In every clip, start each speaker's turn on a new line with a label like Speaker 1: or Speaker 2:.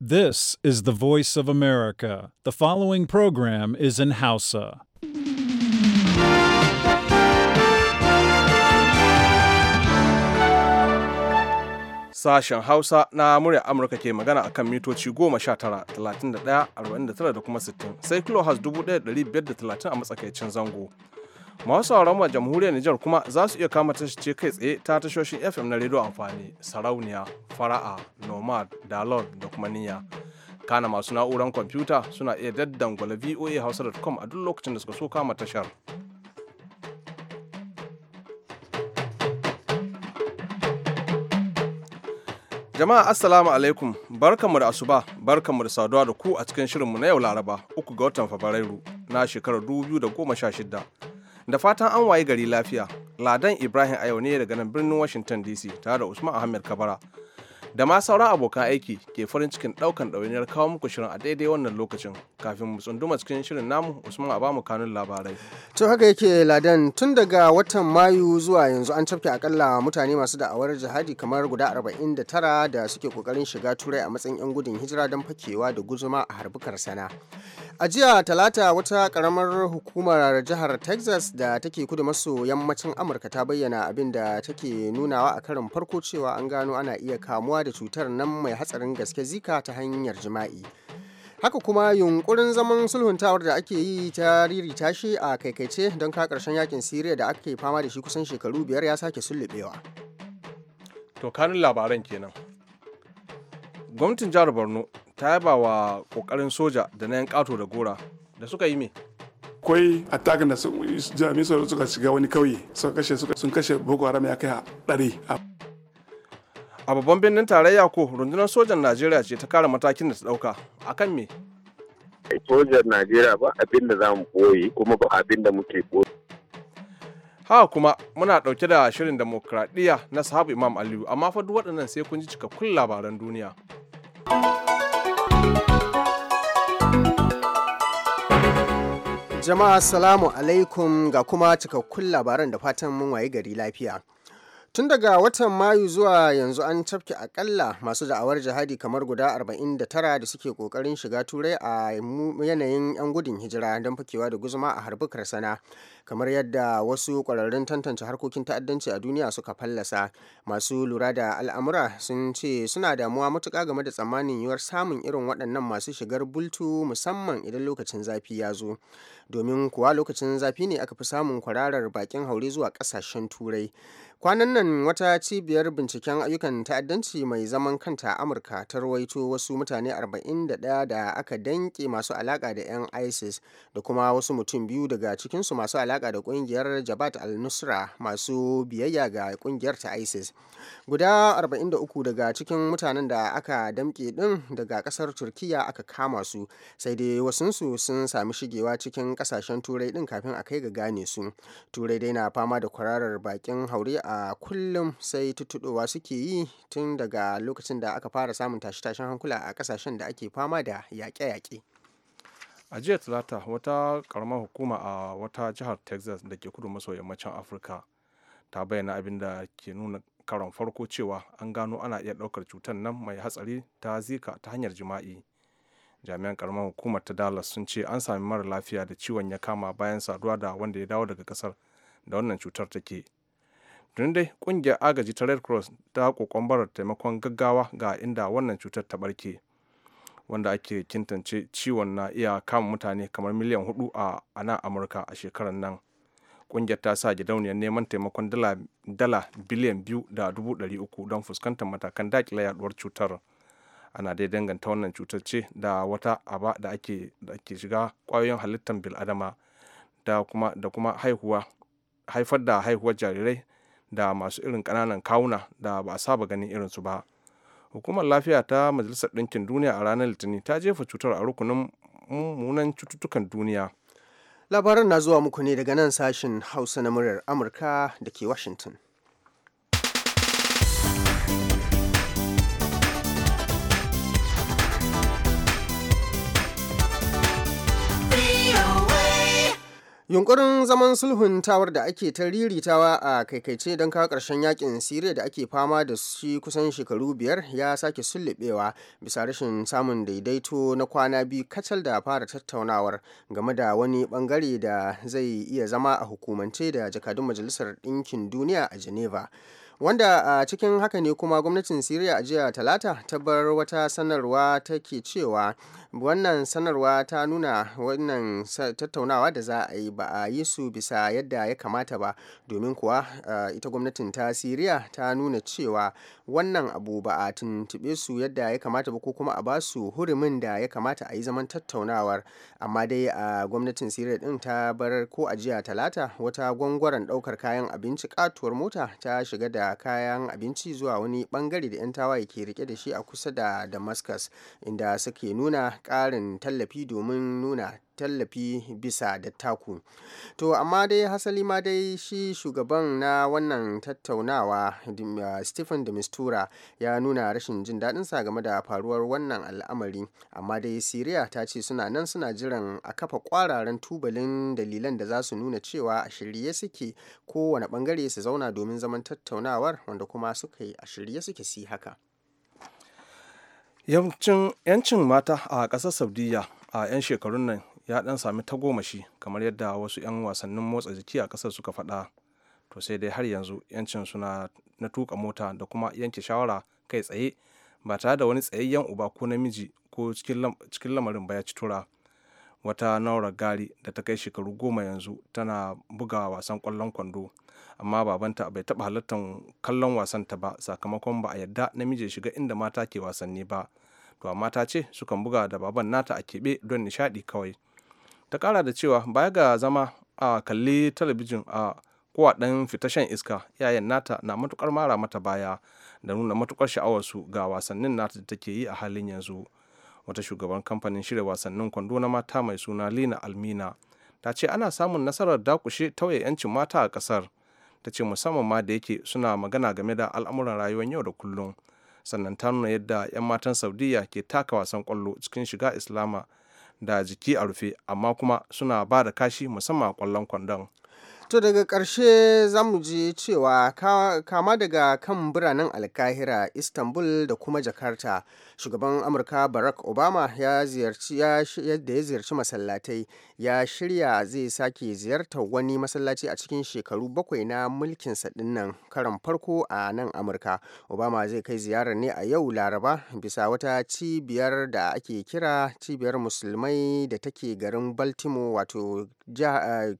Speaker 1: This is the voice of America. The following program is in Hausa.
Speaker 2: Sashen Hausa na murya Amurka ke magana akan mitoci goma sha tara 49 da kuma 60, sai Kilo dubu biyar da 1530 a matsakaicin zango. masu sauran wa jamhuriyar Nijar kuma za su iya kama tashoci kai tsaye ta tashoshin FM na rediyo amfani sarauniya fara'a nomad dalot da kuma niyya kana masu na'uran kwamfuta suna iya daddangwala da hausa.com a duk lokacin da suka so kama tashar. Jama'a Assalamu alaikum barkanmu da asuba barkanmu da saduwa da ku a cikin shirinmu na yau Laraba uku ga watan Fabrairu na shekarar 2016 da fatan an waye gari lafiya ladan ibrahim a ne daga nan birnin washington dc tare da usman ahmed kabara da ma sauran abokan aiki ke farin cikin daukan ɗawainiyar kawo muku shirin a daidai wannan lokacin kafin mu tsunduma cikin shirin namu usman a bamu kanun labarai
Speaker 3: to haka yake ladan tun daga watan mayu zuwa yanzu an cafke akalla mutane masu da da'awar jihadi kamar guda 49 da suke kokarin shiga turai a matsayin yan gudun hijira don fakewa da guzuma a harbukar sana a jiya talata wata karamar hukumar jihar texas da take kudu maso yammacin amurka ta bayyana abin da take nunawa a karin farko cewa an gano ana iya kamuwa kamuwa da cutar nan mai hatsarin gaske zika ta hanyar jima'i haka kuma yunkurin zaman sulhuntawar da ake yi ta riri tashi a kaikaice don ka karshen yakin siriya da ake fama da shi kusan shekaru biyar ya sake sullubewa
Speaker 2: to kanin labaran kenan gwamnatin jihar borno ta yaba wa kokarin soja da na yan kato da gora da suka yi me
Speaker 4: akwai attack da jami'an suka shiga wani kauye suka kashe sun kashe boko haram ya kai a
Speaker 2: ɗari a babban birnin tarayya ko rundunar sojan najeriya ce ta kare matakin da ta dauka akan me
Speaker 5: sojan najeriya ba abin da za mu koyi kuma ba abin da muke koyi
Speaker 2: haka kuma muna dauke da shirin demokradiyya na sahabu imam aliyu amma fa duk waɗannan sai kun ji cikakkun labaran duniya
Speaker 3: jama'a salamu alaikum ga kuma cikakkun labaran da fatan mun waye gari lafiya Tun daga watan Mayu zuwa yanzu an cafke akalla masu da'awar jihadi kamar guda 49 da suke kokarin shiga turai a yanayin 'yan gudun hijira don fakewa da guzuma a harbukar sana. Kamar yadda wasu kwararrun tantance harkokin ta'addanci a duniya suka fallasa, masu lura da al'amura sun ce suna damuwa matuka game da tsammanin yiwuwar samun irin waɗannan masu shigar bultu musamman idan lokacin zafi ya zo. Domin kuwa lokacin zafi ne aka fi samun kwararar bakin haure zuwa ƙasashen turai. kwanan nan wata cibiyar binciken ayyukan ta'addanci mai zaman kanta a amurka ta rawaito wasu mutane 41 da aka danke masu alaka da 'yan isis da kuma wasu mutum biyu daga cikinsu masu alaka da kungiyar jabat al-nusra masu biyayya ga kungiyar ta isis guda 43 daga cikin mutanen da aka damke din daga kasar turkiya aka kama su sai dai wasunsu sun sami shigewa cikin kasashen turai din kafin a kai ga gane su turai dai na fama da kwararar bakin haure a kullum sai tuttuɗowa suke yi tun daga lokacin da aka fara samun tashe-tashen hankula a kasashen da ake fama da yaƙe-yaƙe.
Speaker 2: a jiya talata wata ƙaramar hukuma a wata jihar texas da ke kudu maso yammacin afirka ta bayyana abin da ke nuna karon farko cewa an gano ana iya ɗaukar cutar nan mai hatsari ta zika ta hanyar jima'i jami'an ƙaramar hukumar ta dallas sun ce an sami mara lafiya da ciwon ya kama bayan saduwa da wanda ya dawo daga kasar da wannan cutar take tun dai kungiyar agaji ta red cross ta kokon barar taimakon gaggawa ga inda wannan cutar ta barke wanda ake kintance ciwon na iya kama mutane kamar miliyan hudu a nan amurka a shekarar nan kungiyar ta sa gidauniyar neman taimakon dala biliyan biyu da dubu ɗari uku don fuskantar matakan dakile yaduwar cutar ana dai danganta wannan cutar ce da wata aba da ake da ake shiga kwayoyin halittar biladama da kuma da kuma haifar da haihuwar jarirai da masu irin kananan kawuna da ba a saba ganin irinsu ba hukumar lafiya ta majalisar ɗinkin duniya
Speaker 3: a ranar litinin ta jefa cutar a rukunin mummunan cututtukan duniya labaran na zuwa muku ne daga nan sashen hausa na muryar amurka da ke washington yunkurin zaman sulhuntawar da ake ta riritawa a kaikaice don kawo ƙarshen yakin siriya da ake fama da shi kusan shekaru biyar ya sake sullubewa bisa rashin samun daidaito na kwana biyu kacal da fara tattaunawar game da wani bangare da zai iya zama a hukumance da jakadun majalisar ɗinkin duniya a geneva wanda a cikin haka ne kuma gwamnatin siriya a jiya talata ta bar wata sanarwa take cewa wannan sanarwa ta nuna wannan tattaunawa da za a yi ba a yi su bisa yadda ya kamata ba domin kuwa ita gwamnatin ta siriya ta nuna cewa wannan abu ba a tuntuɓe su yadda ya kamata ba ko kuma a ba su hurumin da ya kamata a yi zaman tattaunawar amma dai a gwamnatin siriya din ta bar ko ajiya talata wata gwangwaran ɗaukar kayan abinci katuwar mota ta shiga da kayan abinci zuwa wani bangare da 'yan tawaye ke rike da shi a kusa da damascus inda suke nuna ƙarin tallafi domin nuna tallafi bisa da taku to amma dai hasali ma dai shi shugaban na wannan tattaunawa ah, stephen de mistura ya nuna rashin jin daɗinsa game da faruwar wannan al'amari amma dai siriya ta ce suna nan suna jiran a kafa kwararen tubalin dalilan da za su nuna cewa a shirye suke kowane bangare su zauna domin zaman tattaunawar wanda kuma suka yi a shirye suke si haka
Speaker 2: yancin mata a ƙasar saudiya a 'yan shekarun nan ya dan sami tagomashi kamar yadda wasu 'yan wasannin motsa jiki a kasar suka faɗa to sai dai har yanzu 'yancin suna na tuka mota da kuma yanke shawara kai tsaye ba tare da wani tsayayyen uba ko namiji ko cikin lamarin ba ya ci tura wata naura gari da ta kai shekaru goma yanzu tana buga wasan kwallon kwando amma babanta bai taba halartar kallon wasan ta ba sakamakon ba a yadda namiji shiga inda mata ke wasanni ba to amma ta ce sukan buga da baban nata a keɓe don nishaɗi kawai ta kara da cewa baya ga zama a kalli talabijin a kowa fita shan iska yayan nata na matukar mara mata baya da nuna matukar sha'awarsu ga wasannin nata da take yi a halin yanzu wata shugaban kamfanin shirya wasannin kwando na mata mai suna lina almina ta ce ana samun nasarar dakushe tauye 'yancin mata a kasar ta ce musamman ma da yake suna magana game da al'amuran rayuwar yau da kullum sannan ta nuna yadda 'yan matan saudiya ke taka wasan kwallo cikin shiga islama da jiki a rufe amma kuma suna ba da kashi
Speaker 3: musamman a ƙwallon kwandon To daga karshe za mu ji cewa kama daga kan biranen alkahira Istanbul da kuma Jakarta, shugaban Amurka Barack Obama ya ziyarci yadda ya ziyarci masallatai ya shirya zai sake ziyartar wani masallaci a cikin shekaru bakwai na mulkin ɗin nan karan farko a nan Amurka. Obama zai kai ziyarar ne a yau Laraba bisa wata cibiyar da ake kira cibiyar musulmai da take garin Baltimore wato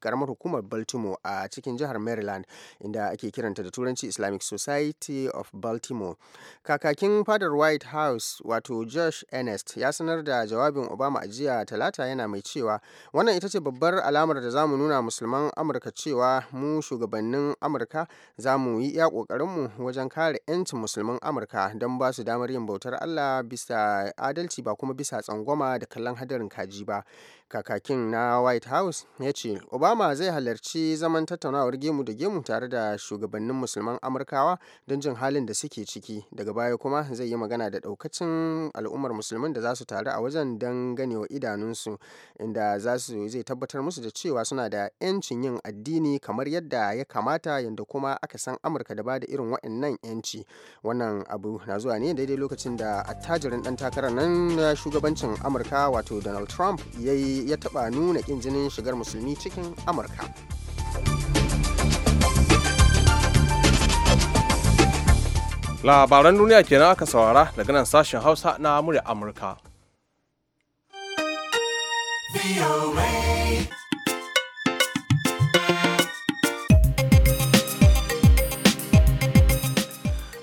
Speaker 3: karamar eh, hukumar Baltimore a cikin jihar Maryland inda ake kiranta da turanci Islamic Society of Baltimore. Kakakin fadar White House wato Josh Ernest ya sanar da jawabin Obama a jiya talata yana mai cewa wannan ita ce babbar alamar da zamu nuna musulman Amurka cewa mu shugabannin Amurka za mu yi iya mu wajen kare 'yancin musulman Amurka don ba su damar yin bautar Allah bisa adalci ba kuma bisa tsangwama da kallon hadarin kaji ba. kakakin na white house ya ce obama zai halarci zaman tattaunawar gemu da gemu tare da shugabannin musulman amurkawa don jin halin da suke ciki daga baya kuma zai yi magana da daukacin al'ummar musulman da za su taru a wajen don ganewa idanunsu inda za su zai tabbatar musu da cewa suna da 'yancin yin addini kamar yadda ya kamata yadda kuma aka san amurka da bada irin waɗannan 'yanci wannan abu na zuwa ne daidai lokacin da attajirin dan takarar nan shugabancin amurka wato donald trump ya yi ya taɓa nuna ƙinjinin jinin shigar musulmi cikin amurka
Speaker 2: labaran duniya kenan aka saurara daga nan sashen hausa na murya amurka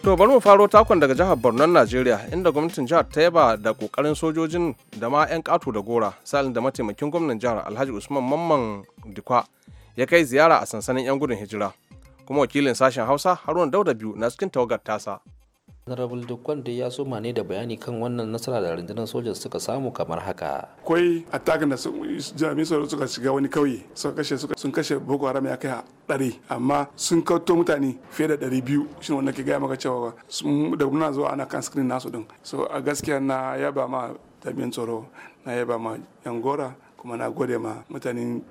Speaker 2: To bari mu faro takon daga jihar Borno Najeriya inda gwamnatin jihar ta yaba da kokarin sojojin da ma 'yan kato da gora salin da mataimakin gwamnan jihar Alhaji Usman Mamman Dikwa ya kai ziyara a sansanin 'yan gudun hijira. Kuma wakilin sashen Hausa Haruna Dauda biyu na cikin tawagar tasa. narabul Dukwan dai ya soma ne da bayani kan wannan nasara da rundunar
Speaker 6: soja suka samu kamar haka.
Speaker 4: Akwai attack da jami tsaro suka shiga wani kauye suka kashe sun kashe Boko Haram ya kai ɗari amma sun kauto mutane fiye da ɗari biyu shi wanda ke gaya maka cewa da muna zuwa ana kan screen nasu din. So a gaskiya na yaba ma jami'an tsaro na yaba ma yan gora kuma na gode ma mutanen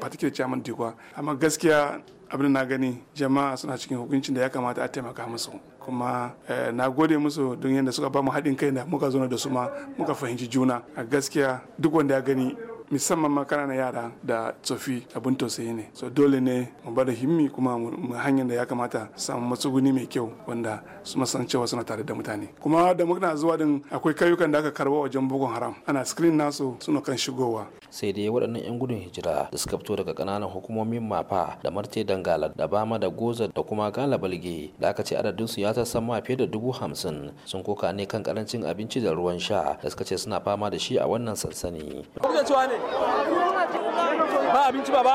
Speaker 4: particular chairman Dikwa amma gaskiya abin na gani jama'a suna cikin hukuncin da ya kamata a taimaka musu kuma eh, na gode musu don yadda suka ba mu haɗin kai da muka zo da su ma muka fahimci juna a gaskiya duk wanda ya gani musamman ma kana yara da tsofi abin tausayi ne so dole ne mu bada himmi kuma mu hanyar da ya kamata samu matsuguni mai kyau wanda su san cewa suna tare da mutane kuma da muna zuwa din akwai kayukan da aka karba wajen bugun haram ana screen nasu suna kan shigowa
Speaker 6: sai dai waɗannan 'yan gudun hijira da suka fito daga kananan hukumomin mafa da marte dangala da bama da goza da kuma gala balge da aka ce adadinsu ya tasamma fiye da dubu hamsin sun koka ne kan karancin abinci da ruwan sha da suka ce suna fama da shi a wannan sansani. ne ba abinci baba.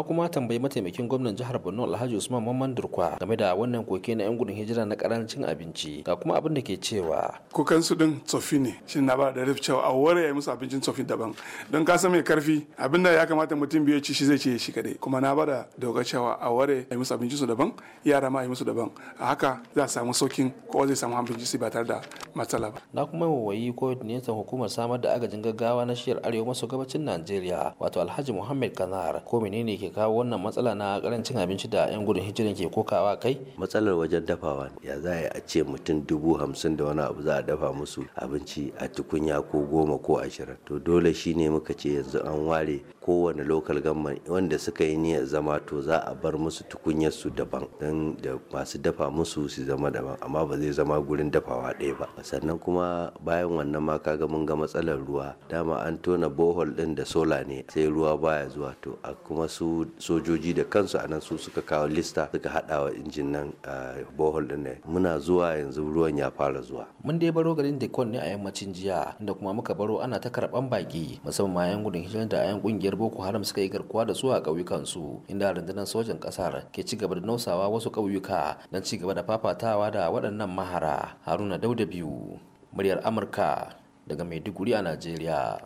Speaker 6: kuma tambayi mataimakin gwamnan jihar Borno Alhaji Usman Mamman Durkwa game da wannan koke na 'yan gudun
Speaker 4: hijira na karancin abinci ga kuma abin da ke cewa. Kukan su din tsofi ne shi na ba da cewa a ware ya musu abincin tsofi daban don ka san mai karfi abin da ya kamata mutum biyu ci shi zai ci shi kadai kuma na ba da doga cewa a ware ya musu abincin su daban yara ma ya musu daban a haka za a samu saukin ko zai samu abincin su ba tare da
Speaker 6: matsala ba. Na kuma wawayi ko hukumar samar da agajin gaggawa na shiyar arewa maso gabacin Najeriya wato Alhaji Muhammad Kanar ko menene ke kawo wannan matsala na karancin abinci da 'yan gudun hijirin ke kokawa kai? Matsalar wajen dafawa
Speaker 7: ya za a ce mutum dubu hamsin da wani abu za a dafa musu abinci a tukunya ko goma ko ashirin. To dole shi ne muka ce yanzu an ware kowane lokal gamman wanda suka yi niyyar zama to za a bar musu tukunyar su daban don da masu dafa musu su
Speaker 6: zama daban amma ba zai zama gurin dafawa ɗaya ba
Speaker 7: sannan kuma bayan wannan ma kaga mun ga matsalar ruwa dama an tona bohol din da sola ne sai ruwa baya zuwa to a kuma su sojoji da kansu a nan su suka kawo lista suka haɗa wa injin nan ah, bohol din ne muna zuwa yanzu ruwan ya fara zuwa
Speaker 6: mun dai baro garin Dekon ne a yammacin jiya inda kuma muka baro ana ta karban baki musamman ma yan gudun hijira da yan kungiyar Boko Haram suka yi garkuwa da su a ƙauyukan su inda rundunar sojan ƙasar ke ci gaba da nausawa wasu ƙauyuka don ci gaba da fafatawa da waɗannan mahara Haruna Dauda biyu muryar Amurka daga Maiduguri a Najeriya.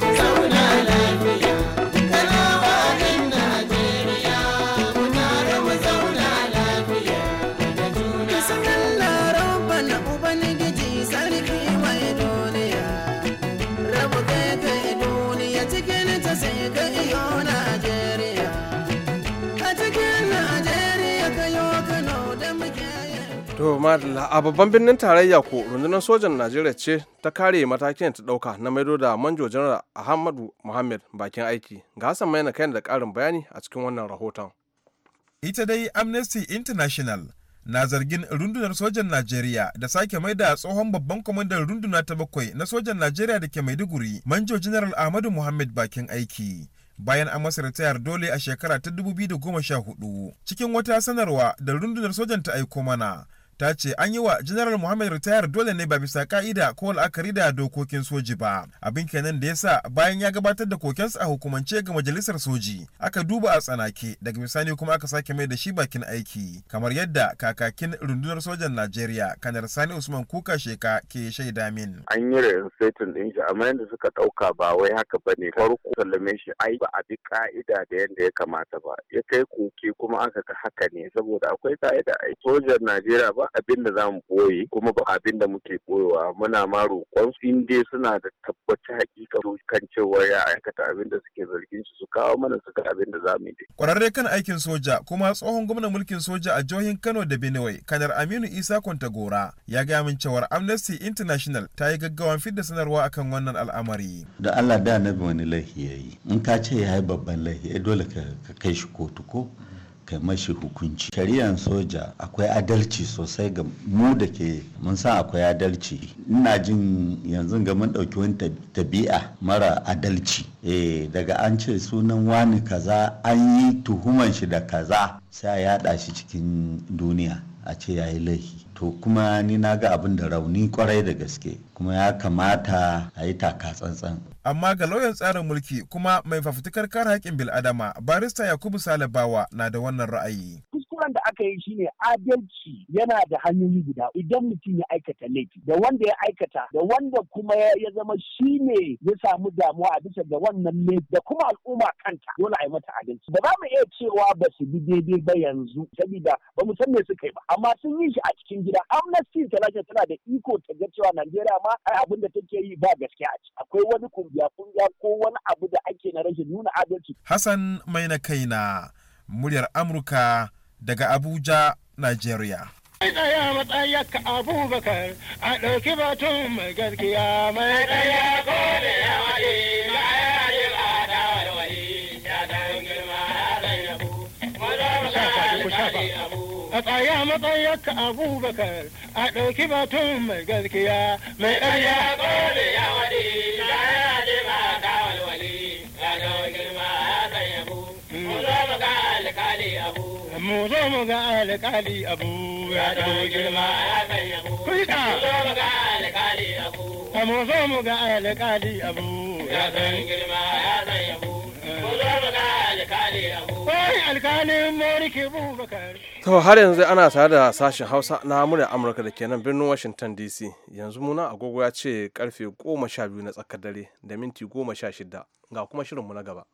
Speaker 6: Zauna lafiya.
Speaker 2: Tumadala a babban birnin tarayya ko rundunar sojan Najeriya ce ta kare matakin ta dauka na maido da manjo janar Ahmadu Muhammad bakin aiki. Ga Hassan na kayan da karin bayani a cikin wannan rahoton.
Speaker 1: Ita dai Amnesty International na zargin rundunar sojan Najeriya da sake mai da tsohon babban kwamandan runduna ta bakwai na sojan Najeriya da ke Maiduguri, Manjo janar Ahmadu Muhammad bakin aiki. Bayan an masa ritayar dole a shekara ta 2014 cikin wata sanarwa da rundunar sojan ta aiko mana. ta ce an yi wa General Muhammad ritayar dole ne ba bisa ka'ida ko la'akari da dokokin soji ba. Abin kenan da yasa bayan ya gabatar da kokensa a hukumance ga majalisar soji aka duba a tsanake daga misani kuma aka sake mai da shi bakin aiki kamar yadda kakakin rundunar sojan Najeriya kanar Sani Usman Kuka Sheka ke shaida min.
Speaker 5: An yi saitin din shi amma yadda suka ɗauka ba wai haka ba ne farko sallame shi ai ba a bi ka'ida da yadda ya kamata ba ya kai koke kuma aka ka haka ne saboda akwai ka'ida ai sojan Najeriya ba abin da za mu ɓoye kuma ba abin da muke koyowa muna ma roƙon in dai suna da tabbaci hakika kan cewa ya aikata abin da suke zargin su su kawo mana su ga abin da za mu yi.
Speaker 1: Kwararre kan aikin soja kuma tsohon gwamnan mulkin soja a jihohin Kano da Benue kanar Aminu Isa Kwantagora ya ga min cewar Amnesty International ta yi gaggawan fidda sanarwa akan wannan al'amari.
Speaker 8: Da Allah da na wani laifi ya yi in ka ce ya yi babban laifi dole ka kai shi kotu ko kai mashi hukunci shari'an soja akwai adalci sosai ga mu da ke mun san akwai adalci ina jin yanzu ga mun ɗauki wani tabi'a mara adalci eh daga an ce sunan wani kaza an yi tuhuman shi da kaza sai a yada shi cikin duniya a ce ya yi laifi to kuma ni na ga abin da rauni kwarai da gaske kuma ya kamata
Speaker 3: a yi taka tsantsan
Speaker 1: amma ga lauyan tsarin mulki kuma mai fafutukar kare haƙƙin bil'adama barista yakubu salabawa na da wannan ra'ayi aka yi shine adalci
Speaker 5: yana da hanyoyi guda idan mutum ya aikata laifi da wanda ya aikata da wanda kuma ya zama shine ya samu damuwa a bisa da wannan laifi da kuma al'umma kanta dole a yi mata adalci ba za mu iya cewa ba su bi daidai ba yanzu saboda ba mu san me suka yi ba amma sun yi shi a cikin gida amnesty international tana da iko ta ga cewa najeriya ma ai abin da take yi ba gaskiya a ciki
Speaker 1: akwai wani kungiya kungiya ko wani abu da ake na rashin nuna adalci hassan mai na kaina muryar amurka daga Abuja, Nigeria. Tsaya matsayaka abubakar a ɗauki batun A ɗauki batun mai mai tsaya abu. mu zo mu ga alƙali abu ya ɗau girma kuita a mu zo mu ga alƙali abu ya ɗan girma ya ɗan yabo
Speaker 2: To har yanzu ana tare da sashen Hausa na murya Amurka da ke nan birnin Washington DC. Yanzu muna agogo ya ce karfe goma sha biyu na tsakar dare da minti goma sha shida ga kuma shirinmu na gaba.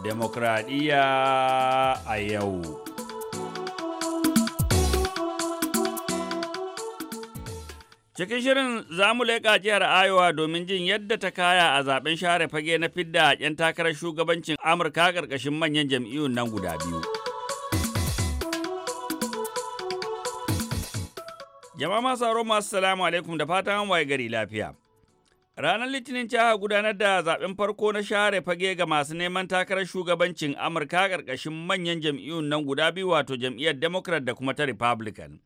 Speaker 8: demokradiyya a yau. Cikin shirin za mu leƙa jihar Ayowa domin jin yadda ta kaya a zaben share fage na fidda ‘yan takarar shugabancin Amurka ƙarƙashin manyan jam'iyyun nan guda biyu. Jama'a masu masu salamu alaikum da fatan waye gari lafiya. Ranar Litinin ta gudanar da zaben farko na share fage ga masu neman takarar shugabancin Amurka ƙarƙashin manyan jam'iyyun nan guda biyu wato jam'iyyar Democrat da kuma ta Republican.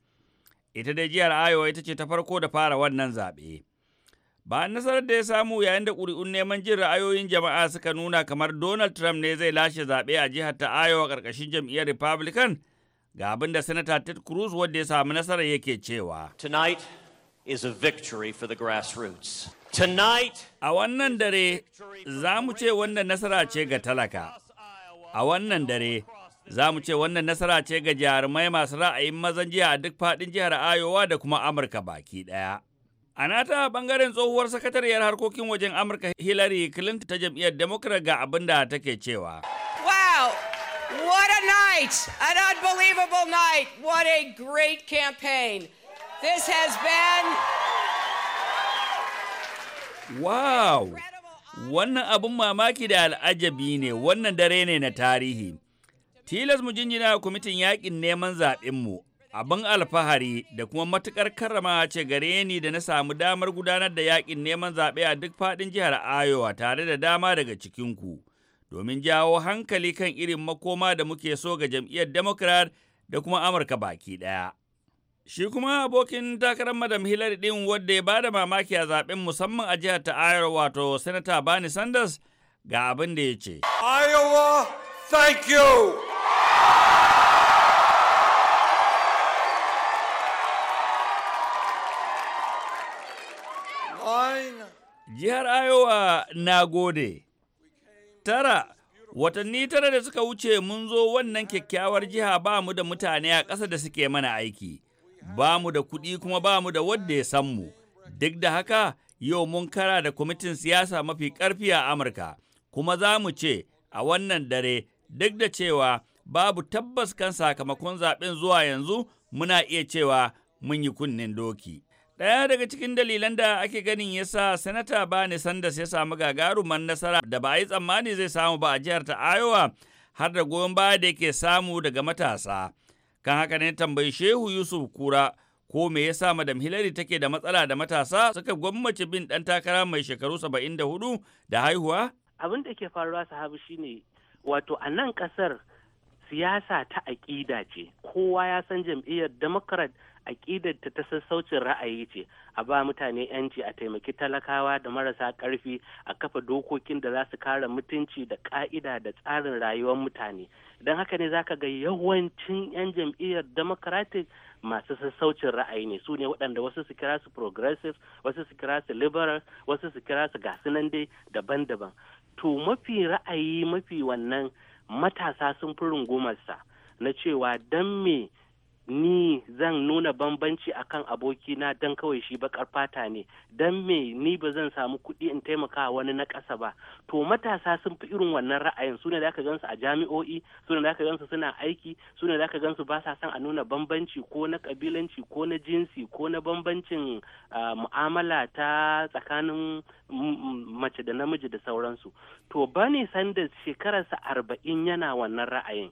Speaker 8: Ita dai jihar Iowa ita ce ta farko da fara wannan zaɓe. Ba nasarar da ya samu yayin da ƙuri'un neman jin ra'ayoyin jama'a suka nuna kamar Donald Trump ne zai lashe zaɓe a jihar ta Iowa ƙarƙashin jam'iyyar Republican ga abin da Senator Ted Cruz wadda ya samu nasarar yake cewa. Tonight is a victory for the grassroots. A wannan dare za mu ce wannan nasara ce ga talaka. A wannan dare za mu ce wannan nasara ce ga jarumai masu ra'ayin mazan jiya a duk faɗin jihar Ayowa da kuma Amurka baki ɗaya. A nata bangaren tsohuwar sakatariyar harkokin wajen Amurka Hillary Clinton ta jam'iyyar Democrat ga abin da take cewa. Wow! What a night! An unbelievable night! What a great campaign! This has
Speaker 4: been
Speaker 8: Wow! Wannan abin mamaki da al'ajabi ne, wannan dare ne na tarihi. Tilas mu jinjina kwamitin yaƙin neman zaɓenmu, abin alfahari da kuma matuƙar karrama ce gare ni da na samu damar gudanar da yaƙin neman zaɓe a duk faɗin jihar Ayowa tare da dama daga cikinku, domin jawo hankali kan irin makoma da muke so ga jam'iyyar Democrat da kuma Amurka baki ɗaya. Shi kuma abokin takarar Madam Hillary din wadda ya bada mamaki a zaben musamman a jihar ta Iowa wato Senator Bernie Sanders ga abin da ya ce.
Speaker 2: Iowa, thank you!
Speaker 8: Jihar Iowa na gode. Tara, watanni tara da suka wuce mun zo wannan kyakkyawar jiha ba mu da mutane a ƙasa da suke mana aiki. ba mu da kuɗi kuma ba mu da wadda ya san mu duk da haka yau mun kara da kwamitin siyasa mafi ƙarfi a amurka kuma za mu ce a wannan dare duk da cewa babu tabbas kan sakamakon zaɓen zuwa yanzu muna iya cewa mun yi kunnen doki Ɗaya daga cikin dalilan da ake ganin ya sa Sanata Bani Sanders ya samu gagarumar nasara da ba a yi tsammani zai samu ba a jihar ta Iowa har da goyon baya da yake samu daga matasa. Kan haka ne tambayi Shehu Yusuf Kura ko me yasa Madam Hillary take da matsala da matasa suka gwammace bin ɗan takara mai shekaru saba'in da hudu da haihuwa?
Speaker 7: Abin da ke faruwa sahabu shine wato a nan kasar siyasa ta aƙida ce kowa ya san jam'iyyar democrat aƙidar ta sassaucin ra'ayi ce a ba mutane yanci a taimaki talakawa da marasa ƙarfi a kafa dokokin da za su kare mutunci da ƙa'ida da tsarin rayuwar mutane don haka ne zaka ga yawancin 'yan jam'iyyar democratic masu sassaucin ra'ayi ne su ne waɗanda wasu su kira su progressive wasu su kira su liberal wasu su kira su gasu nan dai daban-daban to mafi ra'ayi mafi wannan matasa sun fi rungumarsa na cewa don me ni zan nuna bambanci a kan abokina don kawai shi bakar fata ne don me ni ba zan samu kuɗi in taimaka wani na ƙasa ba to matasa sun fi irin wannan ra'ayin su da aka gansu a jami'o'i su da aka gansu suna aiki su da aka gansu ba sa son a nuna bambanci ko na kabilanci, ko na jinsi ko na bambancin mu'amala ta tsakanin mace da namiji da sauransu to bani sanders shekararsa arba'in yana wannan ra'ayin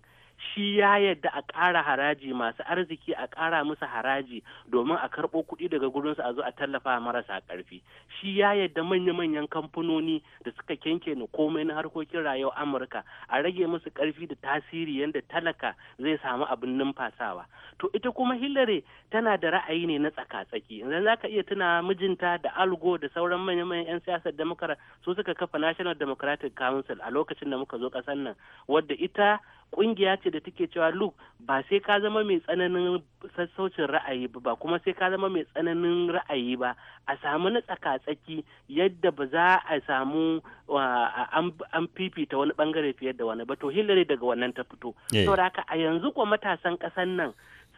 Speaker 7: shi ya yadda a ƙara haraji masu arziki a ƙara musu haraji domin a karɓo kuɗi daga gurinsu a zo a tallafa marasa ƙarfi shi ya yadda manya-manyan kamfanoni da suka kenke na komai na harkokin rayuwar amurka a rage musu ƙarfi da tasiri yadda talaka zai samu abin numfasawa to ita kuma hillary tana da ra'ayi ne na tsaka-tsaki idan za ka iya tuna mijinta da algo da sauran manya-manyan 'yan siyasar democrat su suka kafa national democratic council a lokacin da muka zo ƙasar nan wadda ita kungiya ce da take cewa look ba sai ka zama mai tsananin sassaucin ra'ayi ba kuma sai ka zama mai tsananin ra'ayi ba a samu na tsaka-tsaki yadda ba za a samu an fifita wani bangare fiye da wani ba to hillary daga wannan ta fito eh. saboda haka a yanzu ko matasan ƙasan nan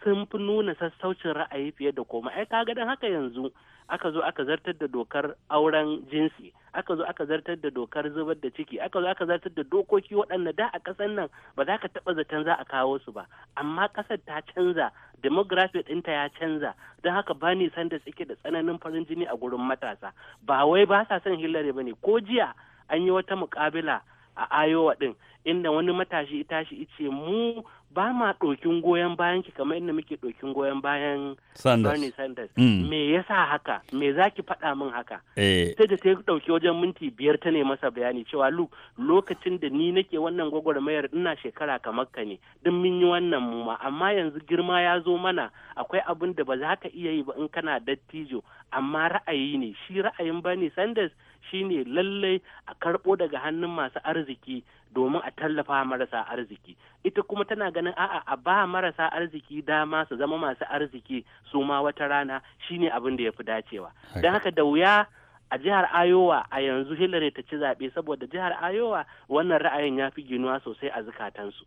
Speaker 7: sun fi nuna sassaucin ra'ayi fiye da koma ai ka gadan haka yanzu aka zo aka zartar da dokar auren jinsi aka zo aka zartar da dokar zubar da ciki aka zo aka zartar da dokoki waɗanda da a ƙasar nan ba za ka taɓa zaton za a kawo su ba amma ƙasar ta canza demography ɗinta ya canza don haka ba ni san da suke da tsananin farin jini a gurin matasa ba wai ba sa son hillary ba ne ko jiya an yi wata mukabila a ayowa ɗin inda wani matashi tashi ice mu ba ma ɗokin goyon bayan ki kamar inda muke ɗokin goyon bayan Bernie Sanders. Mm. Me yasa haka? Me za ki faɗa min haka? Eh. Sai da ta yi ɗauki wajen minti biyar ta ne masa bayani cewa lu lokacin da ni nake wannan gwagwarmayar ina shekara kamar ka ne duk mun yi wannan mu ma amma yanzu girma ya zo mana akwai abin da ba za ka iya yi ba in kana dattijo amma ra'ayi ne shi ra'ayin Bernie Sanders shine lallai a karɓo daga hannun masu arziki domin a tallafa marasa arziki ita kuma tana ganin a'a a ba marasa arziki dama su zama masu arziki su ma wata rana shine abin da ya fi dacewa don haka da wuya a jihar Ayowa a yanzu Hillary ta ci zaɓe saboda jihar Ayowa wannan ra'ayin ya fi ginuwa sosai a zukatansu.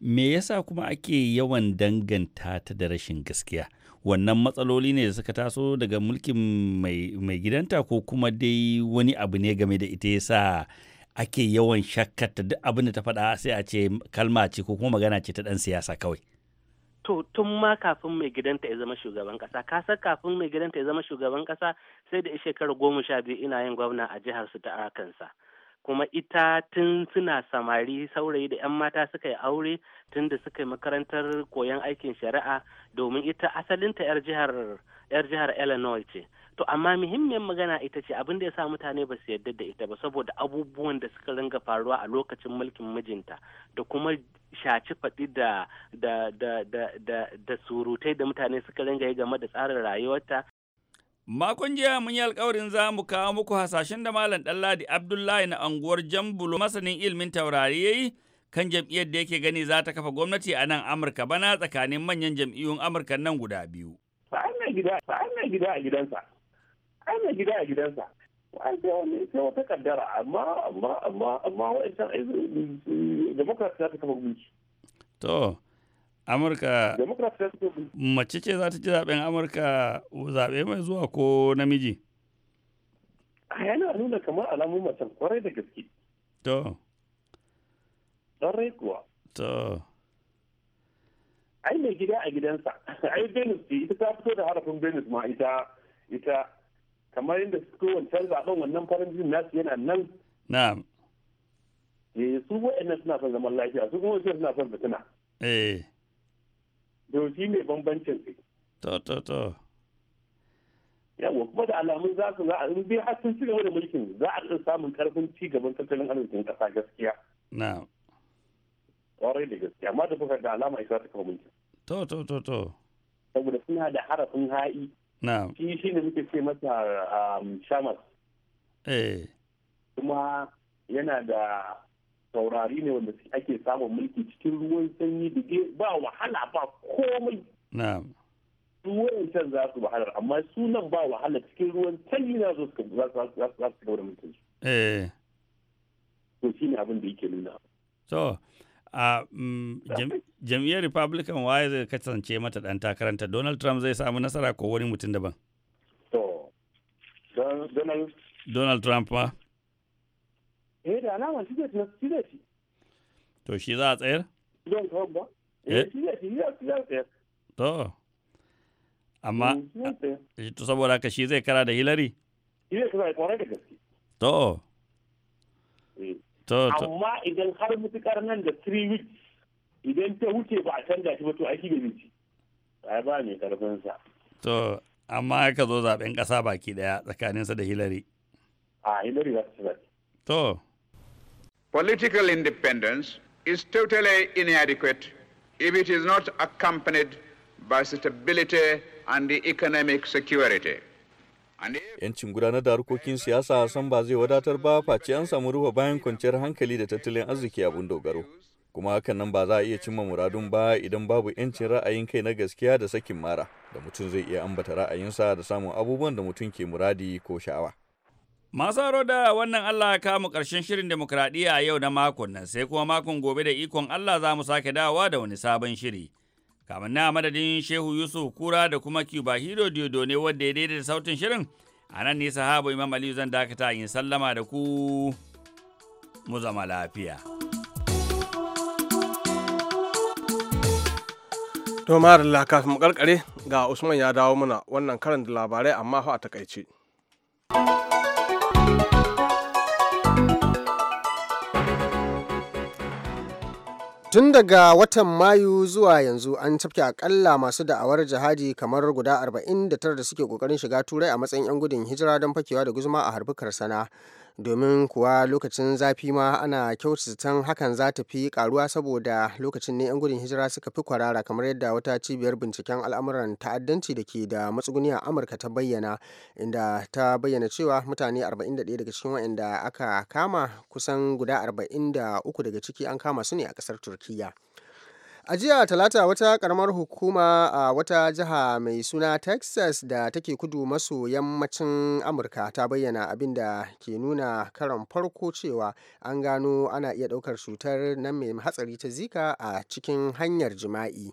Speaker 8: Me yasa kuma ake yawan danganta ta da rashin gaskiya? Wannan matsaloli ne da suka taso daga mulkin mai gidanta ko kuma dai wani abu ne game da ita yasa ake yawan shakkata duk abin da ta faɗa sai a ce kalma ce ko kuma magana ce ta ɗan siyasa kawai.
Speaker 7: To tun ma kafin mai gidanta ya zama shugaban kasa, kasar kafin mai gidanta ya zama shugaban kasa sai da shekara goma sha biyu ina yin gwamna a jihar su ta Arkansas. Kuma ita tun suna samari saurayi da 'yan mata suka yi aure tun da suka yi makarantar koyon aikin shari'a domin ita asalinta 'yar jihar Illinois ce. to amma muhimmiyar magana ita ce abin da ya sa mutane ba su yarda da ita ba saboda abubuwan da suka ringa faruwa a lokacin mulkin mijinta da kuma shaci faɗi da da da da da surutai da mutane suka ringa yi game da tsarin rayuwarta
Speaker 8: Makon jiya mun yi alkawarin za mu kawo muku hasashen da Malam Ɗanladi Abdullahi na anguwar Jambulo masanin ilimin taurari ya yi kan jam'iyyar da yake gani za ta kafa gwamnati a nan Amurka bana tsakanin manyan jam'iyyun Amurka nan guda biyu.
Speaker 5: Sa'an gida a gidansa. ai mai gida a gidansa ai sai wani sai wata kaddara amma amma amma amma wa'ancan ai za ta kafa gunci
Speaker 8: to amurka mace ce za ta ci zaben amurka zaɓe mai zuwa ko namiji
Speaker 5: a yana nuna kamar alamun macen kwarai da gaske to kwarai kuwa to ai mai gida a gidansa ai venus ita ta fito da harafin venus ma ita ita kamar yadda suka wancan zaben wannan farin jin nasu yana nan na'am eh su wa'annan suna son zaman lafiya su kuma wancan suna son fitina eh da shi ne bambancin su
Speaker 8: to to to
Speaker 5: yawa kuma da alamun za su za a in dai har sun ci da mulkin za a ɗin samun karfin ci gaban tattalin arzikin ƙasa gaskiya na'am kwarai da gaskiya amma da kuka da alama isa ta kawo mulkin to to to to saboda suna da harafin ha'i shi shi ne muke ce masa um, shamas eh. kuma yana da saurari ne wanda ake samun mulki cikin ruwan sanyi ke ba wahala ba komai ruwan can za su wahalar amma sunan ba wahala cikin ruwan sanyi na zo za su kawo da mutane. Eh. to shi ne abin da yake nuna
Speaker 8: so a mm, jam'iyyar republican waye zai kasance mata dan takaranta donald trump zai samu nasara ko wani mutum daban to donald trump ma eh da to shi za a tsayar don ba eh? Eh, to amma
Speaker 5: mm,
Speaker 8: to saboda haka shi zai kara da hillary to eh. amma
Speaker 5: idan har mutukar nan da 3 weeks idan ta wuce ba a canza shi ba to aiki da miji ai ba mai karfin sa
Speaker 8: to amma ka zo zaben kasa baki daya tsakaninsa da Hillary
Speaker 1: a Hillary za ta to political independence is totally inadequate if it is not accompanied by stability and economic security
Speaker 8: Yancin gudanar da harkokin siyasa san ba zai wadatar ba face an samu rufe bayan kwanciyar hankali da tattalin arziki abin dogaro. Kuma hakan nan ba za a iya cimma muradun ba idan babu yancin ra'ayin kai na gaskiya da sakin mara da mutum zai iya ambata ra'ayinsa da samun abubuwan da mutum ke muradi ko sha'awa. Masu da wannan Allah ka mu karshen shirin demokradiyya yau na makon nan sai kuma makon gobe da ikon Allah za mu sake dawowa da wani sabon shiri. kamar na madadin shehu yusuf kura da kuma kiba hero diodo ne wanda ya daidaita sautin shirin a nan ne sahaba imam aliyu zan dakata yin sallama da ku
Speaker 2: mu zama lafiya to marilla kafin mu karkare ga usman ya dawo mana wannan karin labarai amma fa a takaice
Speaker 3: Tun daga watan Mayu zuwa yanzu an cafke akalla masu da'awar jihadi kamar guda 49 da suke kokarin shiga Turai a matsayin 'yan gudun hijira don fakewa da guzuma a harbukar Sana'a. domin kuwa lokacin zafi ma ana kyautatan hakan za ta fi karuwa saboda lokacin ne 'yan gudun hijira suka fi kwarara kamar yadda wata cibiyar binciken al'amuran ta'addanci da ke da matsuguni a amurka ta bayyana inda ta bayyana cewa mutane 41 daga cikin waɗanda aka kama kusan guda 43 daga ciki an kama su ne a ƙasar turkiyya A jiya Talata wata karamar hukuma a wata jiha mai suna Texas da take kudu maso yammacin Amurka ta bayyana abin da ke nuna karon farko cewa an gano ana iya ɗaukar cutar nan mai hatsari ta Zika a cikin hanyar jima'i.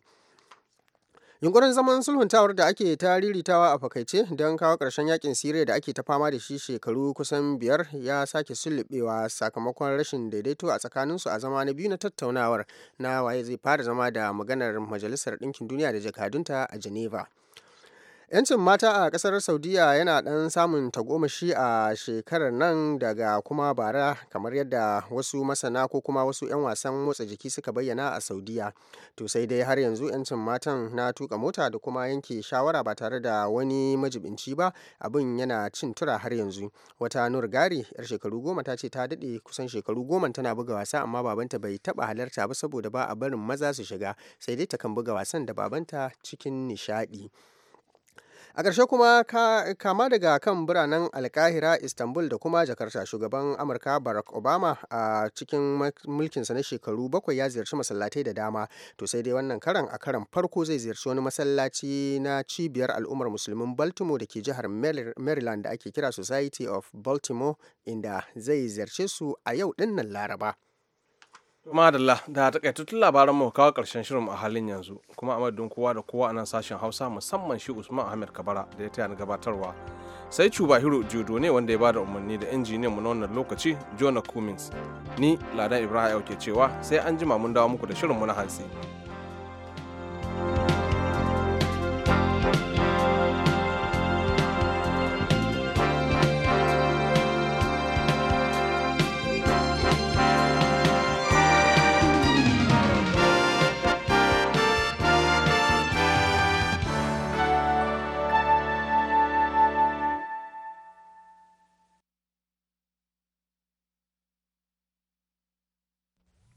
Speaker 3: yunkurin zaman sulhuntawar da ake ta riritawa a fakaice don kawo ƙarshen yakin siriya da ake ta fama da shi shekaru kusan biyar ya sake sulubewa sakamakon rashin daidaito a tsakaninsu a zama na biyu na tattaunawar na waye zai fara zama da maganar majalisar ɗinkin duniya da jakadunta a geneva 'Yancin mata a kasar Saudiyya yana dan samun tagomashi a shekarar nan daga kuma bara kamar yadda wasu masana ko kuma wasu 'yan wasan motsa jiki suka bayyana a Saudiyya. To sai dai har yanzu 'yancin matan na tuka mota da kuma yanke shawara ba tare da wani majibinci ba abin yana cin tura har yanzu. Wata Nur Gari 'yar shekaru goma ta ce ta daɗe kusan shekaru goma tana buga wasa amma babanta bai taba halarta ba saboda ba a barin maza su shiga sai dai ta kan buga wasan da babanta cikin nishaɗi. a ƙarshe kuma kama daga kan biranen alkahira istanbul da kuma jakarta shugaban amurka barack obama a cikin mulkinsa na shekaru bakwai ya ziyarci masallatai da dama to sai dai wannan karan a karan farko zai ziyarci wani masallaci na cibiyar al'ummar musulmin baltimore da ke jihar maryland da ake kira society of baltimore inda zai ziyarce su a yau dinnan laraba
Speaker 2: madalla da takaitattun labaran mu kawo karshen shirin a halin yanzu kuma a madadin kowa da kowa a nan sashen hausa musamman shi usman ahmed kabara da ya taya ni gabatarwa sai cuba hiro jodo ne wanda ya bada umarni da injiniyan mu na wannan lokaci jona cummings ni ladan ibrahim ke cewa sai an jima mun dawo muku da shirin mu na hantsi.